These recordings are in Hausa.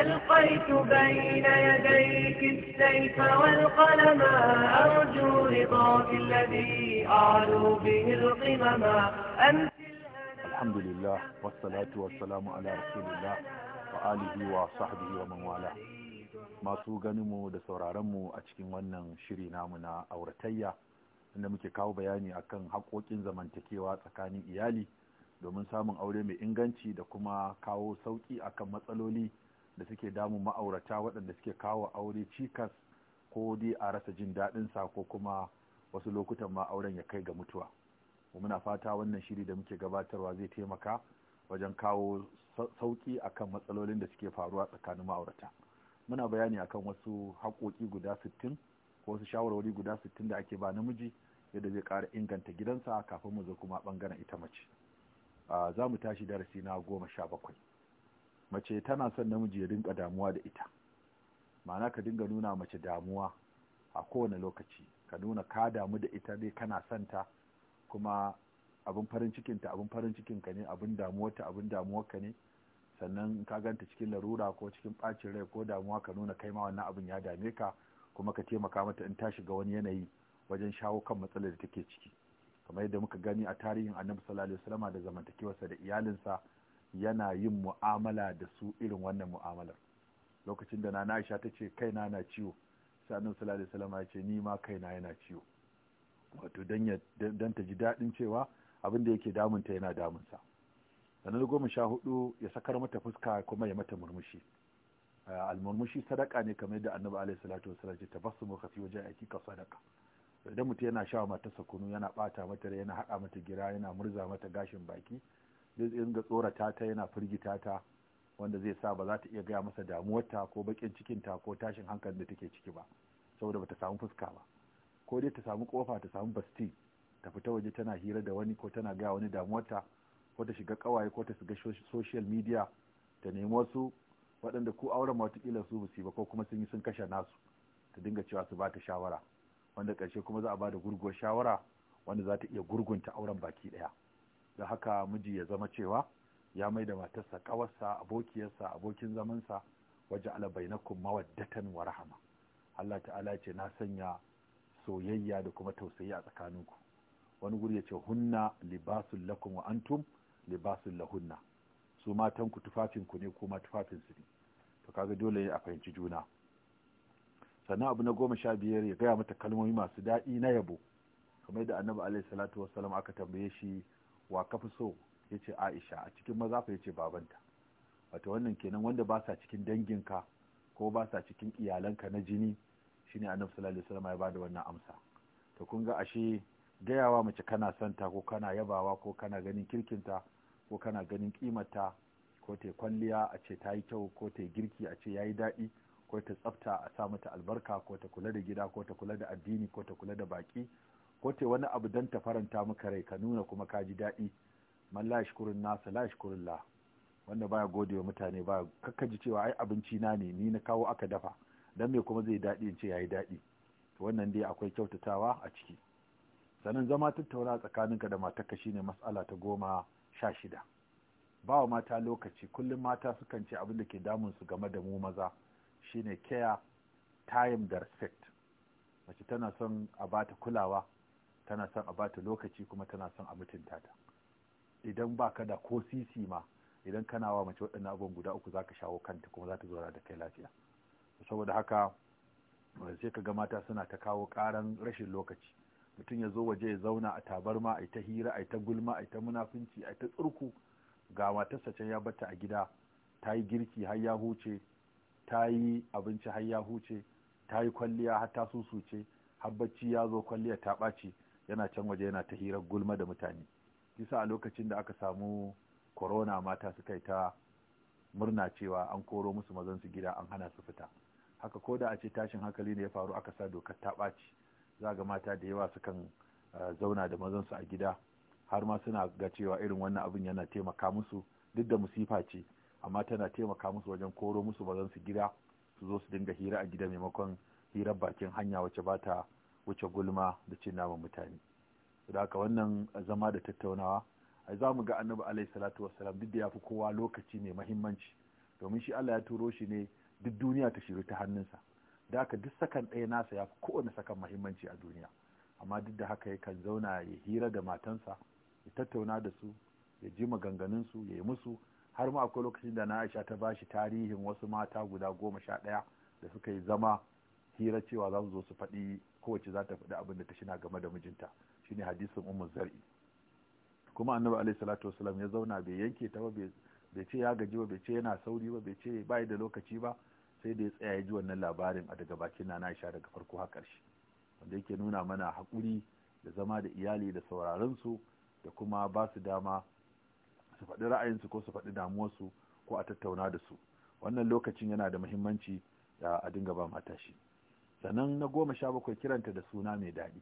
ألقيت بين يديك السيف والقلم أرجو رضاك الذي أعلو به القمم أنت الحمد لله والصلاة والسلام على رسول الله وآله وصحبه ومن والاه masu ganinmu da sauraronmu a cikin wannan shiri namu na auratayya inda muke kawo bayani akan haƙoƙin zamantakewa tsakanin iyali domin samun aure mai inganci da kuma kawo sauƙi akan matsaloli da suke damun ma'aurata waɗanda suke kawo aure cikas ko dai a rasa jin daɗin ko kuma wasu lokutan ma ya kai ga mutuwa muna fata wannan shiri da muke gabatarwa zai taimaka wajen kawo sauƙi akan matsalolin da suke faruwa tsakanin ma'aurata muna bayani akan wasu haƙoƙi guda 60 ko wasu shawarwari guda sittin da ake ba namiji yadda zai ƙara inganta gidansa kafin mu zo kuma ɓangaren ita mace ah, za mu tashi darasi na goma sha bakwai mace tana son namiji ya dinga damuwa da ita ma'ana ka dinga nuna mace damuwa a kowane lokaci ka nuna ka damu da ita dai kana son ta kuma abin farin cikin ta abin farin cikin ka ne abin ta abin ka ne sannan ka ganta cikin larura ko cikin bacin rai ko damuwa ka nuna kai ma wannan abin ya dame ka kuma ka taimaka mata in ta shiga wani yanayi wajen shawo kan matsalar da take ciki kamar yadda muka gani a tarihin annabi sallallahu alaihi wasallam da zamantakewarsa da iyalinsa yana yin mu'amala da su irin wannan mu'amalar lokacin da nana Aisha ta ce kaina na ciwo sai annabi sallallahu alaihi wasallam ya ce ni ma kaina yana ciwo wato dan ya dan ta ji dadin cewa abin da yake damunta yana damunsa Sanin goma sha hudu ya sakar mata fuska kuma ya mata murmushi almurmushi sadaka ne kamar yadda annabi alaihi salatu wasallam ce tabassumu khafi aiki ka sadaka idan mutum yana sha matarsa kunu yana bata mata yana haɗa mata gira yana murza mata gashin baki zai dinga tsorata ta yana firgita ta wanda zai sa ba za ta iya gaya masa damuwarta ko bakin cikinta ko tashin hankalin da take ciki ba saboda ba ta samu fuska ba ko dai ta samu kofa ta samu basti ta fita waje tana hira da wani ko tana gaya wani damuwarta ko ta shiga kawaye ko ta shiga social media ta nemi wasu waɗanda ko auren watakila su ba ba ko kuma sun yi sun kashe nasu ta dinga cewa su ba ta shawara wanda ƙarshe kuma za a ba da gurguwar shawara wanda za ta iya gurgunta auren baki ɗaya da haka miji ya zama cewa ya mai da matarsa kawarsa abokiyarsa abokin zamansa waje alabainakun mawaddatan wa rahama Allah ta'ala ce na sanya soyayya da kuma tausayi a tsakaninku wani guri ya ce hunna libasul lakum wa antum libasul lahunna su matan ku tufafin ku ne kuma tufafin su ne to kaga dole a fahimci juna sannan abu na goma sha biyar ya gaya mata kalmomi masu daɗi na yabo kamar da annabi alaihi salatu wasalam aka tambaye shi wa ka fi so ya ce aisha a cikin maza fa ya ce babanta wata wannan kenan wanda ba sa cikin danginka ko ba sa cikin iyalanka na jini shine annabi sallallahu alaihi wasallam ya bada wannan amsa to kun ga ashe gayawa mace kana santa ko kana yabawa ko kana ganin kirkinta ko kana ganin kimarta ko ta kwalliya a ce ta yi kyau ko ta girki a ce ya yi daɗi ko ta tsafta a sa mata albarka ko ta kula da gida ko ta kula da addini ko ta kula da baƙi ko te wani abu don ta faranta maka rai ka nuna kuma ka ji daɗi man la shukurin nasa la shukurin la wanda baya gode wa mutane ba kakka ji cewa ai abinci na ne ni na kawo aka dafa dan me kuma zai daɗi in ce yayi daɗi to wannan dai akwai kyautatawa a ciki sannan zama tattauna tsakaninka da matarka shine matsala ta goma sha shida ba wa mata lokaci kullum mata sukan ce abin da ke damun su game da mu maza shine care time da respect mace tana son a bata kulawa tana son a bata lokaci kuma tana son a mutunta ta idan ba ka da ko sisi ma idan kana wa mace waɗannan abubuwan guda uku zaka shawo kanta kuma za ta zauna da kai lafiya saboda haka sai ka ga mata suna ta kawo karan rashin lokaci mutum ya zo waje ya zauna a tabarma a ta hira a ta gulma a ta munafunci a ta tsurku ga matarsa can ya bata a gida ta yi girki har ya huce ta yi abinci har ya huce ta yi kwalliya har ta susuce har bacci ya zo kwalliya ta ɓaci yana can waje yana ta hirar gulma da mutane kisa a lokacin da aka samu corona mata suka yi ta murna cewa an koro musu mazan su gida an hana su fita haka ko da a ce tashin hankali ne ya faru aka sa dokar ta ɓaci za ga mata da yawa sukan eh, zauna da mazan su a gida har ma suna ga cewa irin wannan abin yana taimaka musu duk da musifa ce amma tana taimaka musu wajen koro musu mazan su gida su zo su dinga hira a gida maimakon hirar bakin hanya wacce ba ta wuce gulma da cin naman mutane da haka wannan zama da tattaunawa ai za mu ga annabi alaihi salatu salam duk da ya fi kowa lokaci mai mahimmanci domin shi Allah ya turo shi ne duk duniya ta shiru ta hannunsa da haka duk sakan ɗaya nasa ya fi kowane sakan mahimmanci a duniya amma duk da haka yakan zauna ya hira da matansa ya tattauna da su ya ji maganganun su ya yi musu har ma akwai lokacin da na aisha ta bashi tarihin wasu mata guda goma sha ɗaya da suka yi zama hira cewa za su zo su faɗi kowace za ta faɗi abin da ta shina game da mijinta Shi ne hadisin umar zar'i kuma annabi alaihi salatu wasalam ya zauna bai yanke ta ba bai ce ya gaji ba bai ce yana sauri ba bai ce bai da lokaci ba sai da ya tsaya ya ji wannan labarin a daga bakin nana Aisha daga farko har ƙarshe wanda yake nuna mana haƙuri da zama da iyali da sauraron su da kuma ba su dama su faɗi ra'ayinsu ko su faɗi damuwarsu ko a tattauna da su wannan lokacin yana da muhimmanci da a dinga ba mata shi sannan na goma sha bakwai kiranta da suna mai daɗi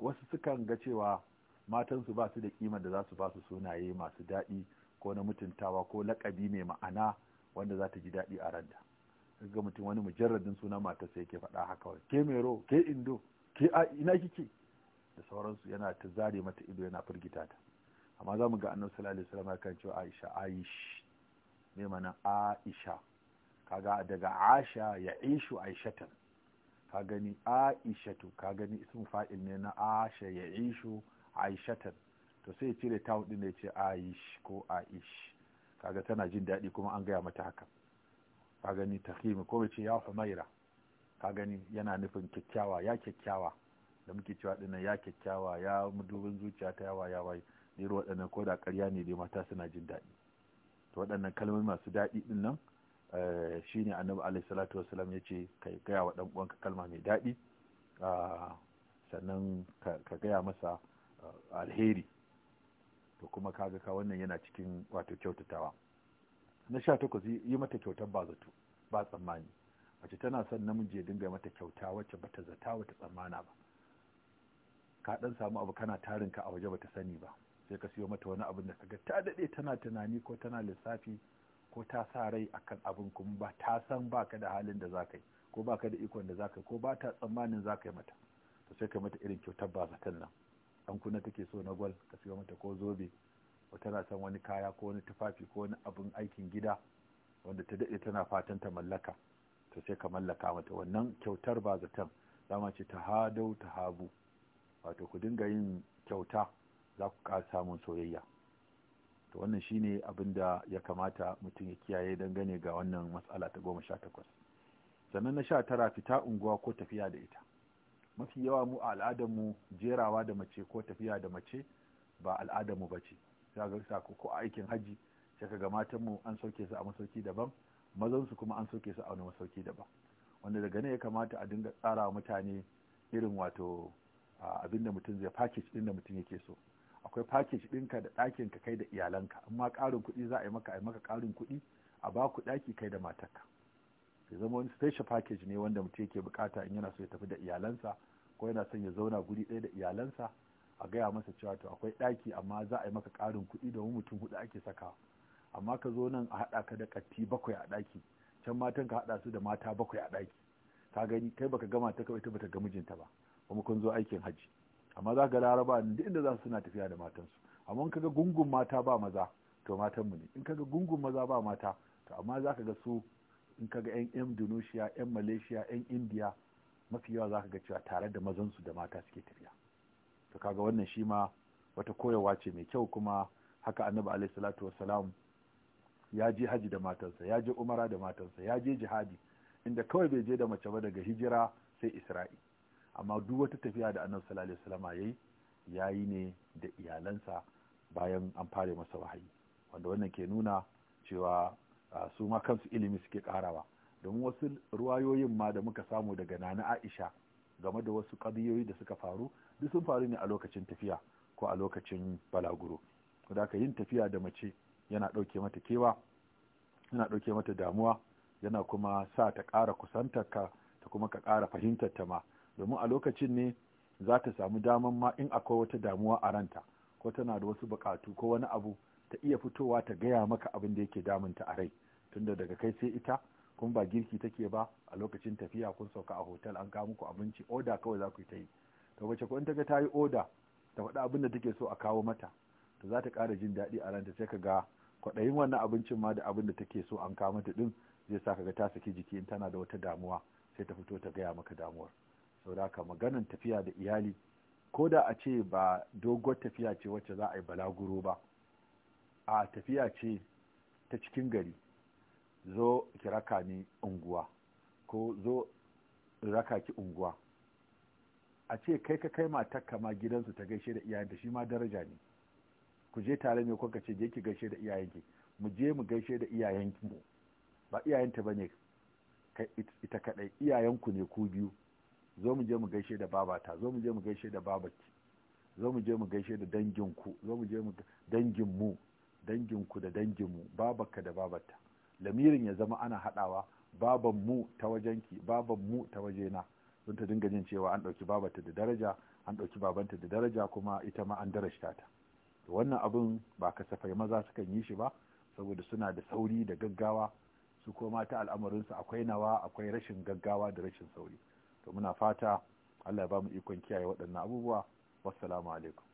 wasu sukan ga cewa matansu ba su da kima da za su ba su sunaye masu daɗi ko na mutuntawa ko laƙabi mai ma'ana wanda za ta ji daɗi a ranta ga mutum wani mujarradin suna matarsa ke faɗa haka wani ke mero ke indo ke a ina kike da sauransu yana ta zare mata ido yana firgita ta amma za mu ga annabi sallallahu alaihi wasallam kan cewa Aisha Aish ne mana Aisha kaga daga asha ya ishu aishatan ka gani aishatu ka gani ismu fa'il ne na asha ya ishu aishatan to sai ya cire ta din ne ya ce aish ko aish kaga tana jin daɗi kuma an gaya mata haka ka gani takhim ko ce ya humaira ka gani yana nufin kyakkyawa ya kyakkyawa da muke cewa dinnan ya kyakkyawa ya mudubin zuciya ta yawa ya wai irin waɗannan ko da ƙarya ne dai mata suna jin daɗi to waɗannan kalmomi masu daɗi dinnan Eh, shi ne annabi alaihi salatu wasalam ya ce ka gaya wa ɗan'uwanka kalma mai daɗi ah, sannan ka gaya masa ah, alheri to kuma kaga ka wannan yana cikin wato kyautatawa na sha takwas yi mata kyautar ba zato ba tsammani mace tana son namiji ya dinga mata kyauta wacce bata zata wata tsammana ba ka ɗan samu abu kana tarin ka a waje bata sani ba sai ka siyo mata wani abin da kaga ta dade tana tunani ko tana lissafi ko ta sa rai akan abin kuma ba ta san baka da halin da zaka yi ko baka da ikon da zaka yi ko ba ta tsammanin zaka yi mata to sai ka mata irin kyautar ba zaton nan an kuna take so na gwal ka siyo mata ko zobe ko tana son wani kaya ko wani tufafi ko wani abin aikin gida wanda ta daɗe tana fatan ta mallaka to sai ka mallaka mata wannan kyautar ba zaton dama ce ta hadau ta habu wato ku dinga yin kyauta za ku ƙara samun soyayya to wannan shine abin da ya kamata mutum ya kiyaye dangane ga wannan matsala ta goma sha takwas sannan na sha tara fita unguwa ko tafiya da ita mafi yawa mu a al'adarmu jerawa da mace ko tafiya da mace ba al'adarmu ba ce ga ko aikin hajji sai ga matanmu an sauke su a masauki daban mazansu kuma an sauke su a wani masauki daban wanda daga ne ya kamata a dinga tsara mutane irin wato abin da mutum zai package din da mutum yake so akwai package ɗinka da ɗakin ka kai da iyalanka amma ƙarin kuɗi za a yi maka a yi maka ƙarin kuɗi a ba ku ɗaki kai da matarka ya zama wani special package ne wanda mutum yake bukata in yana so ya tafi da iyalansa ko yana son ya zauna guri ɗaya da iyalansa a gaya masa cewa to akwai ɗaki amma za a yi maka ƙarin kuɗi domin mutum huɗu ake saka amma ka zo nan a haɗa ka da katti bakwai a ɗaki can matan ka haɗa su da mata bakwai a ɗaki ka gani kai baka gama ta kawai ta bata ga mijinta ba kuma kun zo aikin hajji amma za ga laraba duk inda za su suna tafiya da matansu amma in kaga gungun mata ba maza to matan mu ne in kaga gungun maza ba mata to amma za ka ga su in ga yan indonesia yan malaysia yan india mafi yawa za ka ga cewa tare da mazan su da mata suke tafiya to kaga wannan shi ma wata koyarwa ce mai kyau kuma haka annabi alayhi salatu wassalam ya je haji da matansa ya je umara da matansa ya je jihadi inda kawai bai je da mace ba daga hijira sai isra'i amma duk wata tafiya da annabi sallallahu alaihi wasallam yayi yayi ne da iyalansa bayan an fare masa wahayi wanda wannan ke nuna cewa su ma kansu ilimi suke karawa don wasu ruwayoyin ma da muka samu daga nana Aisha game da wasu kadiyoyi da suka faru duk sun faru ne a lokacin tafiya ko a lokacin balaguro da ka yin tafiya da mace yana ɗauke mata kewa yana ɗauke mata damuwa yana kuma sa ta ƙara kusantarka ta kuma ka ƙara fahimtar ta ma domin a lokacin ne za ta samu daman ma in akwai wata damuwa a ranta ko tana da wasu bukatu ko wani abu ta iya fitowa ta gaya maka abin da yake damunta a rai tunda daga kai sai ita kun ba girki take ba a lokacin tafiya kun sauka a hotel an kawo muku abinci oda kawai za ku yi ta yi to wace ko in ta ga ta yi oda ta faɗi abin da take so a kawo mata to za ta ƙara jin daɗi a ranta sai ka ga kwaɗayin wannan abincin ma da abin da take so an kawo mata ɗin zai sa ka ga ta saki jiki in tana da wata damuwa sai ta fito ta gaya maka damuwar sauraka maganan tafiya da iyali ko da a ce ba dogon tafiya ce wacce za a yi balaguro ba a tafiya ce ta cikin gari zo ki raka ni unguwa ko zo raka ki unguwa a ce kai ka kai matakka ma gidansu ta gaishe da iyayenta shi ma daraja ne ku je tare ne kuka ce je ki gaishe da ki mu je mu gaishe da iyayen ki ba ta bane ita kadai iyayenku ne ku biyu zo mu je mu gaishe da babata zo mu je mu gaishe da babaki zo mu je mu gaishe da danginku zo mu je mu danginmu danginku da danginmu babaka da babata lamirin ya zama ana haɗawa baban mu ta wajenki baban mu ta wajena don ta dinga jin cewa an ɗauki babata da daraja an ɗauki babanta da daraja kuma ita ma an darashta ta to wannan abin ba kasafai maza sukan yi shi ba saboda suna da sauri da gaggawa su koma ta al'amarinsu akwai nawa akwai rashin gaggawa da rashin sauri to muna fata Allah ya ba mu ikon kiyaye waɗannan abubuwa wassalamu alaikum